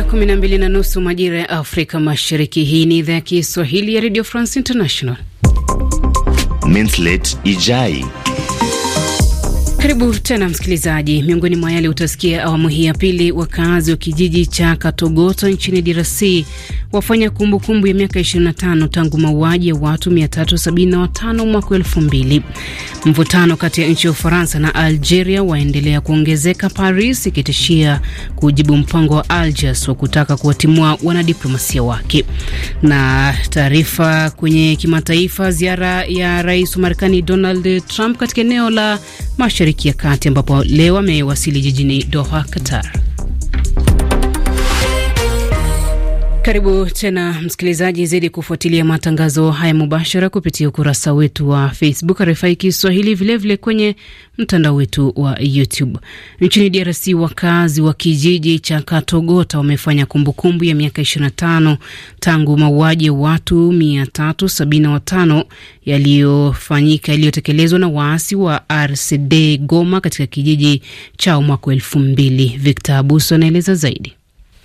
Saa kumi na mbili na nusu majira ya Afrika Mashariki. Hii ni idhaa ya Kiswahili ya Radio France International. Minslet Ijai karibu tena msikilizaji. Miongoni mwa yale utasikia awamu hii ya pili, wakazi wa kijiji cha Katogoto nchini DRC wafanya kumbukumbu kumbu ya miaka 25 tangu mauaji ya watu 375 mwaka 2000. Mvutano kati ya nchi ya Ufaransa na Algeria waendelea kuongezeka, Paris ikitishia kujibu mpango wa Algiers wa kutaka kuwatimua wanadiplomasia wake. Na taarifa kwenye kimataifa, ziara ya rais wa Marekani Donald Trump katika eneo la mashariki Mashariki ya Kati, ambapo leo amewasili jijini Doha, Qatar. Karibu tena msikilizaji, zidi kufuatilia matangazo haya mubashara kupitia ukurasa wetu wa Facebook RFI Kiswahili, vilevile kwenye mtandao wetu wa YouTube. Nchini DRC, wakazi wa kijiji cha Katogota wamefanya kumbukumbu ya miaka 25 tangu mauaji ya watu 375 yaliyofanyika yaliyotekelezwa na waasi wa RCD Goma katika kijiji chao mwaka e2 Victor Abuso anaeleza zaidi.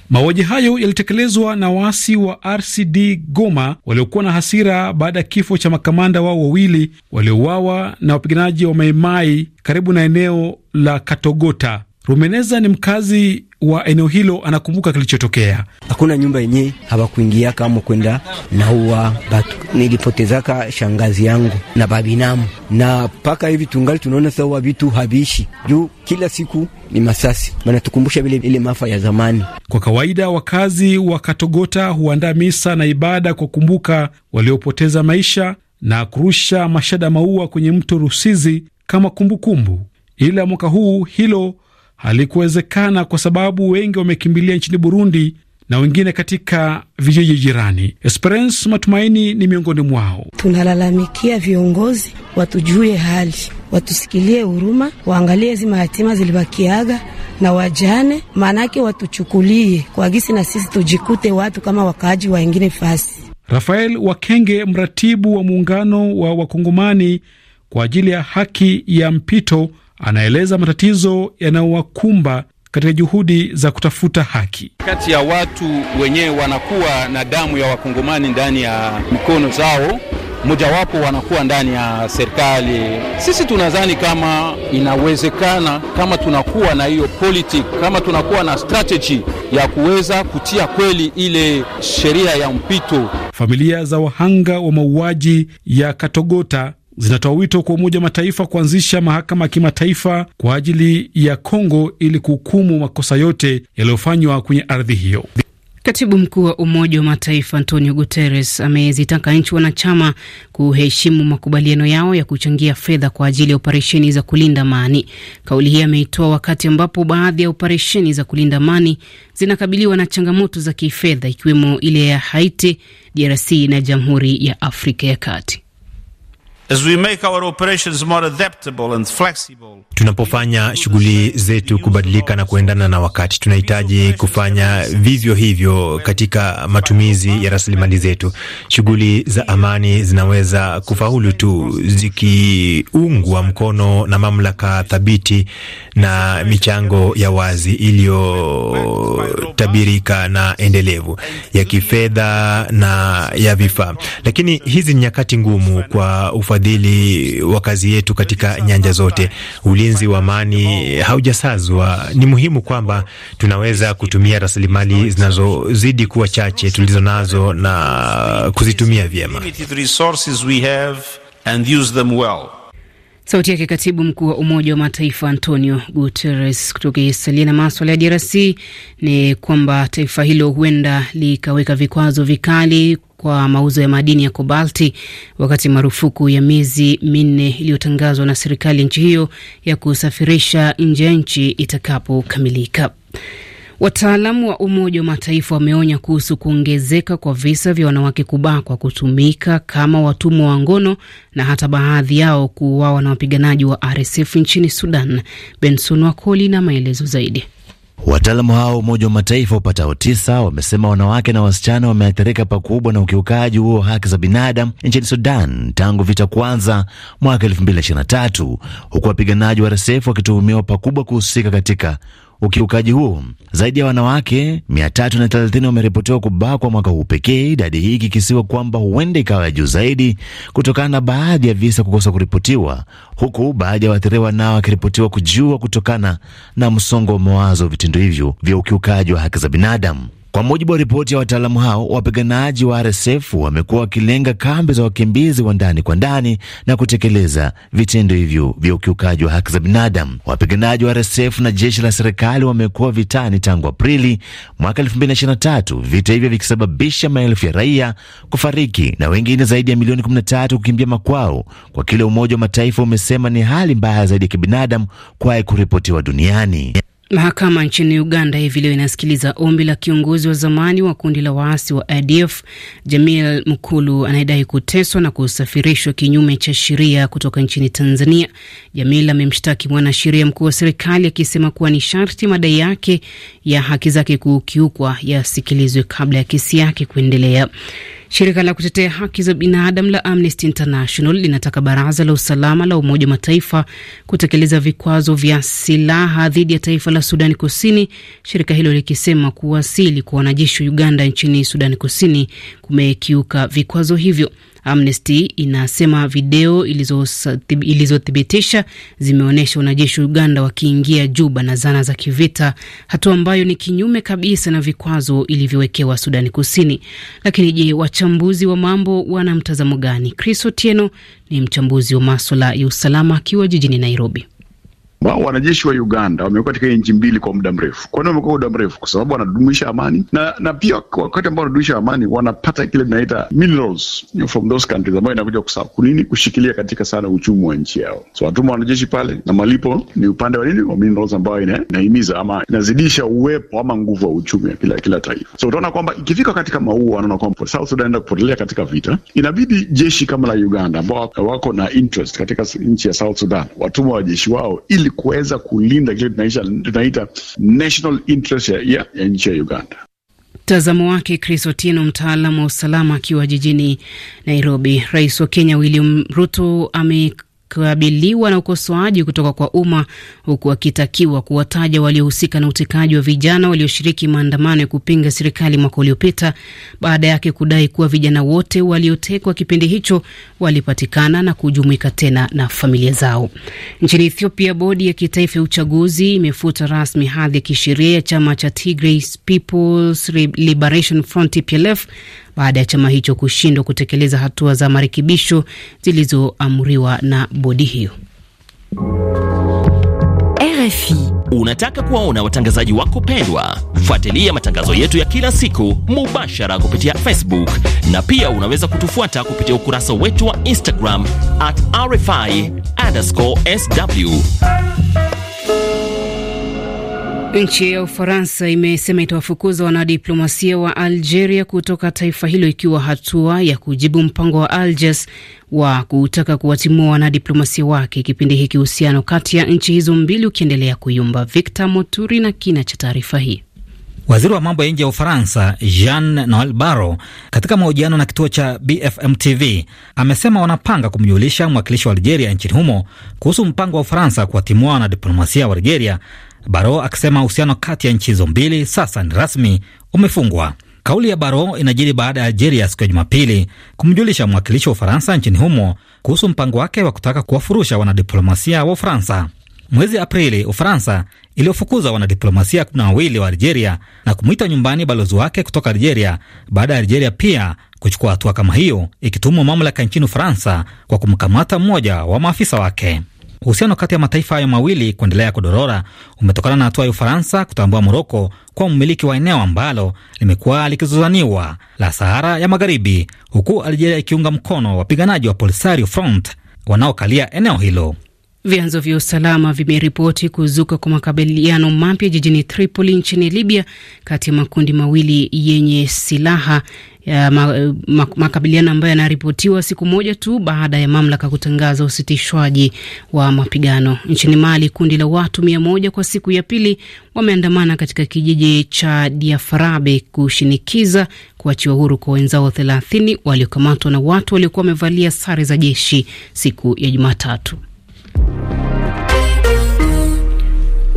Mauaji hayo yalitekelezwa na waasi wa RCD Goma waliokuwa na hasira baada ya kifo cha makamanda wao wawili waliouawa na wapiganaji wa Maimai karibu na eneo la Katogota. Rumeneza ni mkazi wa eneo hilo, anakumbuka kilichotokea. Hakuna nyumba yenye hawakuingia kama kwenda uwa batu. Nilipotezaka shangazi yangu na babinamu, na mpaka hivi tungali tunaona sawa vitu haviishi juu kila siku ni masasi, manatukumbusha vile ile mafa ya zamani. Kwa kawaida wakazi wa Katogota huandaa misa na ibada kwa kumbuka waliopoteza maisha na kurusha mashada maua kwenye mto Rusizi kama kumbukumbu kumbu. Ila mwaka huu hilo halikuwezekana kwa sababu wengi wamekimbilia nchini Burundi na wengine katika vijiji jirani. Esperance Matumaini ni miongoni mwao. Tunalalamikia viongozi watujue hali, watusikilie huruma, waangalie hizi mahatima zilibakiaga na wajane, maanake watuchukulie kwa gisi na sisi tujikute watu kama wakaaji waengine fasi. Rafael Wakenge, mratibu wa muungano wa wakongomani kwa ajili ya haki ya mpito anaeleza matatizo yanayowakumba katika juhudi za kutafuta haki. Kati ya watu wenyewe wanakuwa na damu ya wakongomani ndani ya mikono zao, mojawapo wanakuwa ndani ya serikali. Sisi tunadhani kama inawezekana, kama tunakuwa na hiyo politiki, kama tunakuwa na strateji ya kuweza kutia kweli ile sheria ya mpito. Familia za wahanga wa mauaji ya Katogota zinatoa wito kwa Umoja wa Mataifa kuanzisha mahakama ya kimataifa kwa ajili ya Kongo ili kuhukumu makosa yote yaliyofanywa kwenye ardhi hiyo. Katibu mkuu wa Umoja wa Mataifa Antonio Guterres amezitaka nchi wanachama kuheshimu makubaliano yao ya kuchangia fedha kwa ajili ya operesheni za kulinda amani. Kauli hii ameitoa wakati ambapo baadhi ya operesheni za kulinda amani zinakabiliwa na changamoto za kifedha, ikiwemo ile ya Haiti, DRC na Jamhuri ya Afrika ya Kati. Tunapofanya shughuli zetu kubadilika na kuendana na wakati, tunahitaji kufanya vivyo hivyo katika matumizi ya rasilimali zetu. Shughuli za amani zinaweza kufaulu tu zikiungwa mkono na mamlaka thabiti na michango ya wazi iliyotabirika na endelevu ya kifedha na ya vifaa. Lakini hizi ni nyakati ngumu kwa ufa ufadhili wa kazi yetu katika nyanja zote. Ulinzi wa amani haujasazwa. Ni muhimu kwamba tunaweza kutumia rasilimali zinazozidi kuwa chache tulizo nazo na kuzitumia vyema. Sauti yake katibu mkuu wa Umoja wa Mataifa Antonio Guterres kutokisalia na maswala ya DRC ni kwamba taifa hilo huenda likaweka vikwazo vikali kwa mauzo ya madini ya kobalti, wakati marufuku ya miezi minne iliyotangazwa na serikali nchi hiyo ya kusafirisha nje ya nchi itakapokamilika. Wataalamu wa Umoja wa Mataifa wameonya kuhusu kuongezeka kwa visa vya wanawake kubakwa, kutumika kama watumwa wa ngono na hata baadhi yao kuuawa na wapiganaji wa RSF nchini Sudan. Benson Wakoli na maelezo zaidi. Wataalamu hao wa Umoja wa Mataifa wapatao tisa wamesema wanawake na wasichana wameathirika pakubwa na ukiukaji huo wa haki za binadamu nchini Sudan tangu vita kuanza mwaka 2023 huku wapiganaji wa RSF wakituhumiwa pakubwa kuhusika katika ukiukaji huo. Zaidi ya wanawake 330 wameripotiwa kubakwa mwaka huu pekee, idadi hii ikikisiwa kwamba huenda ikawa juu zaidi kutokana na baadhi ya visa kukosa kuripotiwa, huku baadhi ya waathiriwa nao wakiripotiwa kujiua kutokana na msongo wa mawazo vitendo hivyo vya ukiukaji wa haki za binadamu. Kwa mujibu wa ripoti ya wataalamu hao, wapiganaji wa RSF wamekuwa wakilenga kambi za wakimbizi wa ndani kwa ndani na kutekeleza vitendo hivyo vya ukiukaji wa haki za binadamu. Wapiganaji wa RSF na jeshi la serikali wamekuwa vitani tangu Aprili mwaka 2023, vita hivyo vikisababisha maelfu ya raia kufariki na wengine zaidi ya milioni 13 kukimbia makwao, kwa kile Umoja wa Mataifa umesema ni hali mbaya zaidi ya kibinadamu kuwahi kuripotiwa duniani. Mahakama nchini Uganda hivi leo inasikiliza ombi la kiongozi wa zamani wa kundi la waasi wa ADF Jamil Mukulu anayedai kuteswa na kusafirishwa kinyume cha sheria kutoka nchini Tanzania. Jamil amemshtaki mwanasheria mkuu wa serikali akisema kuwa ni sharti madai yake ya haki zake kukiukwa yasikilizwe kabla ya kesi yake kuendelea. Shirika la kutetea haki za binadamu la Amnesty International linataka baraza la usalama la Umoja wa Mataifa kutekeleza vikwazo vya silaha dhidi ya taifa la Sudani Kusini, shirika hilo likisema kuwasili kwa wanajeshi wa Uganda nchini Sudani Kusini kumekiuka vikwazo hivyo. Amnesty inasema video ilizothibitisha zimeonyesha wanajeshi wa Uganda wakiingia Juba na zana za kivita, hatua ambayo ni kinyume kabisa na vikwazo ilivyowekewa Sudani Kusini. Lakini je, wachambuzi wa mambo wana mtazamo gani? Chris Otieno ni mchambuzi wa maswala ya usalama akiwa jijini Nairobi wao wanajeshi wa Uganda wamekuwa katika nchi mbili kwa muda mrefu. Kwa nini wamekuwa muda mrefu? Kwa sababu wanadumisha amani na, na pia wakati ambao wanadumisha amani wanapata kile tunaita minerals from those countries ambayo inakuja kunini kushikilia katika sana uchumi wa nchi yao. So watuma wanajeshi pale na malipo ni upande wa nini wa minerals ambayo inahimiza ama inazidisha uwepo ama nguvu wa uchumi ya kila, kila taifa. So utaona kwamba ikifika katika maua wanaona kwamba South Sudan inaenda kupotelea katika vita, inabidi jeshi kama la Uganda ambao wako na interest katika nchi ya South Sudan watuma wajeshi wao ili ili kuweza kulinda kile tunaita national interest ya nchi ya Uganda. Mtazamo wake Chris Otino, mtaalamu wa usalama akiwa jijini Nairobi. Rais wa Kenya William Ruto ame kabiliwa na ukosoaji kutoka kwa umma huku akitakiwa kuwataja waliohusika na utekaji wa vijana walioshiriki maandamano ya kupinga serikali mwaka uliopita, baada yake kudai kuwa vijana wote waliotekwa kipindi hicho walipatikana na kujumuika tena na familia zao. Nchini Ethiopia, bodi ya kitaifa ya uchaguzi imefuta rasmi hadhi ya kisheria ya chama cha Tigray People's Liberation Front TPLF baada ya chama hicho kushindwa kutekeleza hatua za marekebisho zilizoamriwa na bodi hiyo. RFI. Unataka kuwaona watangazaji wako pendwa? Fuatilia matangazo yetu ya kila siku mubashara kupitia Facebook na pia unaweza kutufuata kupitia ukurasa wetu wa Instagram at RFI_SW. Nchi ya Ufaransa imesema itawafukuza wanadiplomasia wa Algeria kutoka taifa hilo ikiwa hatua ya kujibu mpango wa Algiers wa kutaka kuwatimua wanadiplomasia wake, kipindi hiki uhusiano kati ya nchi hizo mbili ukiendelea kuyumba. Victor Moturi na kina cha taarifa hii. Waziri wa mambo ya nje ya Ufaransa Jean Noel Barrot, katika mahojiano na kituo cha BFM TV, amesema wanapanga kumjulisha mwakilishi wa Algeria nchini humo kuhusu mpango wa Ufaransa kuwatimua wanadiplomasia wa Algeria baro akisema uhusiano kati ya nchi hizo mbili sasa ni rasmi umefungwa. Kauli ya baro inajiri baada ya Algeria siku ya Jumapili kumjulisha mwakilishi wa Ufaransa nchini humo kuhusu mpango wake wa kutaka kuwafurusha wanadiplomasia wa Ufaransa. Mwezi Aprili, Ufaransa iliyofukuza wanadiplomasia kumi na wawili wa Algeria na kumwita nyumbani balozi wake kutoka Algeria, baada ya Algeria pia kuchukua hatua kama hiyo, ikitumwa mamlaka nchini Ufaransa kwa kumkamata mmoja wa maafisa wake. Uhusiano kati ya mataifa hayo mawili kuendelea kudorora umetokana na hatua ya Ufaransa kutambua Moroko kuwa mmiliki wa eneo ambalo limekuwa likizozaniwa la Sahara ya Magharibi, huku Algeria ikiunga mkono wapiganaji wa Polisario Front wanaokalia eneo hilo. Vyanzo vya usalama vimeripoti kuzuka kwa makabiliano mapya jijini Tripoli nchini Libya kati ya makundi mawili yenye silaha ya makabiliano ambayo yanaripotiwa siku moja tu baada ya mamlaka kutangaza usitishwaji wa mapigano. Nchini Mali, kundi la watu mia moja kwa siku ya pili wameandamana katika kijiji cha Diafarabe kushinikiza kuachiwa huru kwa wenzao thelathini waliokamatwa na watu waliokuwa wamevalia sare za jeshi siku ya Jumatatu.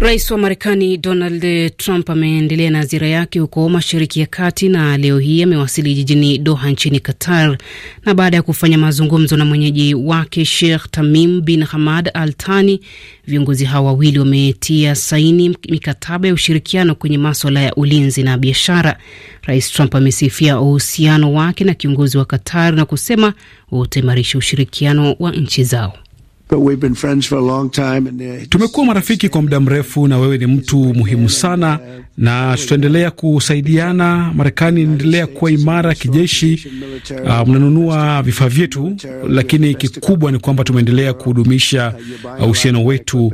Rais wa Marekani Donald Trump ameendelea na ziara yake huko Mashariki ya Kati na leo hii amewasili jijini Doha nchini Qatar, na baada ya kufanya mazungumzo na mwenyeji wake Sheikh Tamim bin Hamad Al Thani, viongozi hao wawili wametia saini mikataba ya ushirikiano kwenye maswala ya ulinzi na biashara. Rais Trump amesifia uhusiano wake na kiongozi wa Qatar na kusema utaimarisha ushirikiano wa nchi zao. Uh, Tumekuwa marafiki kwa muda mrefu na wewe ni mtu muhimu sana, na tutaendelea kusaidiana. Marekani inaendelea kuwa imara kijeshi. Uh, mnanunua vifaa vyetu, lakini kikubwa ni kwamba tumeendelea kudumisha uhusiano wetu.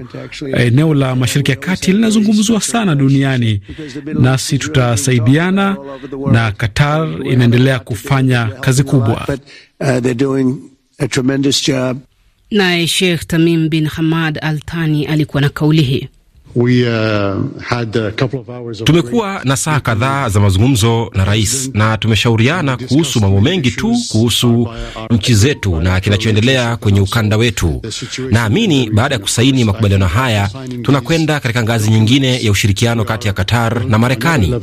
Eneo la Mashariki ya Kati linazungumzwa sana duniani, nasi tutasaidiana, na Qatar inaendelea kufanya kazi kubwa. Uh, Naye Sheikh Tamim bin Hamad Al Thani alikuwa na kauli hii. uh, tumekuwa na saa kadhaa za mazungumzo na rais na tumeshauriana kuhusu mambo mengi tu kuhusu nchi zetu na kinachoendelea kwenye ukanda wetu. Naamini baada ya kusaini makubaliano haya tunakwenda katika ngazi nyingine ya ushirikiano kati ya Qatar na Marekani.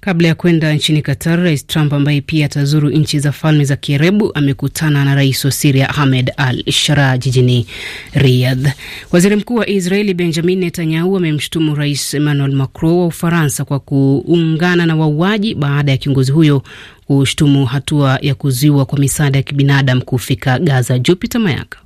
Kabla ya kwenda nchini Qatar, Rais Trump ambaye pia atazuru nchi za Falme za Kiarabu amekutana na rais wa Siria Ahmed al Shara jijini Riyadh. Waziri mkuu wa Israeli Benjamin Netanyahu amemshutumu Rais Emmanuel Macron wa Ufaransa kwa kuungana na wauaji baada ya kiongozi huyo kushutumu hatua ya kuzuiwa kwa misaada ya kibinadamu kufika Gaza. Jupiter Mayaka.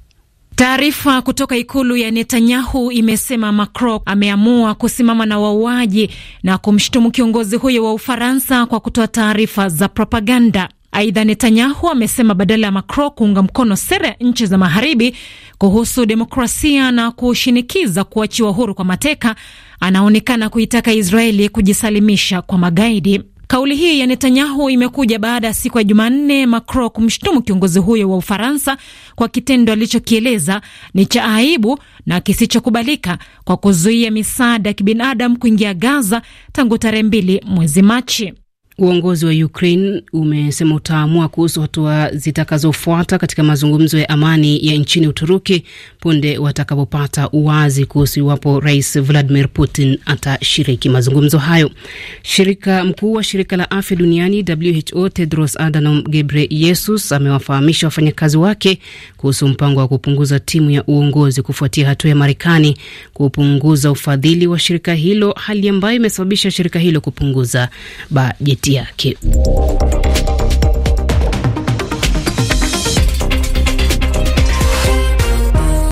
Taarifa kutoka ikulu ya Netanyahu imesema Macron ameamua kusimama na wauaji na kumshutumu kiongozi huyo wa Ufaransa kwa kutoa taarifa za propaganda. Aidha, Netanyahu amesema badala ya Macron kuunga mkono sera ya nchi za magharibi kuhusu demokrasia na kushinikiza kuachiwa huru kwa mateka, anaonekana kuitaka Israeli kujisalimisha kwa magaidi. Kauli hii ya Netanyahu imekuja baada ya siku ya Jumanne Macron kumshutumu kiongozi huyo wa Ufaransa kwa kitendo alichokieleza ni cha aibu na kisichokubalika kwa kuzuia misaada ya kibinadamu kuingia Gaza tangu tarehe mbili mwezi Machi. Uongozi wa Ukraine umesema utaamua kuhusu hatua zitakazofuata katika mazungumzo ya amani ya nchini Uturuki punde watakapopata uwazi kuhusu iwapo Rais Vladimir Putin atashiriki mazungumzo hayo. Shirika mkuu wa shirika la afya duniani WHO Tedros Adhanom Ghebreyesus amewafahamisha wafanyakazi wake kuhusu mpango wa kupunguza timu ya uongozi kufuatia hatua ya Marekani kupunguza ufadhili wa shirika hilo, hali ambayo imesababisha shirika hilo kupunguza bajeti dear kid.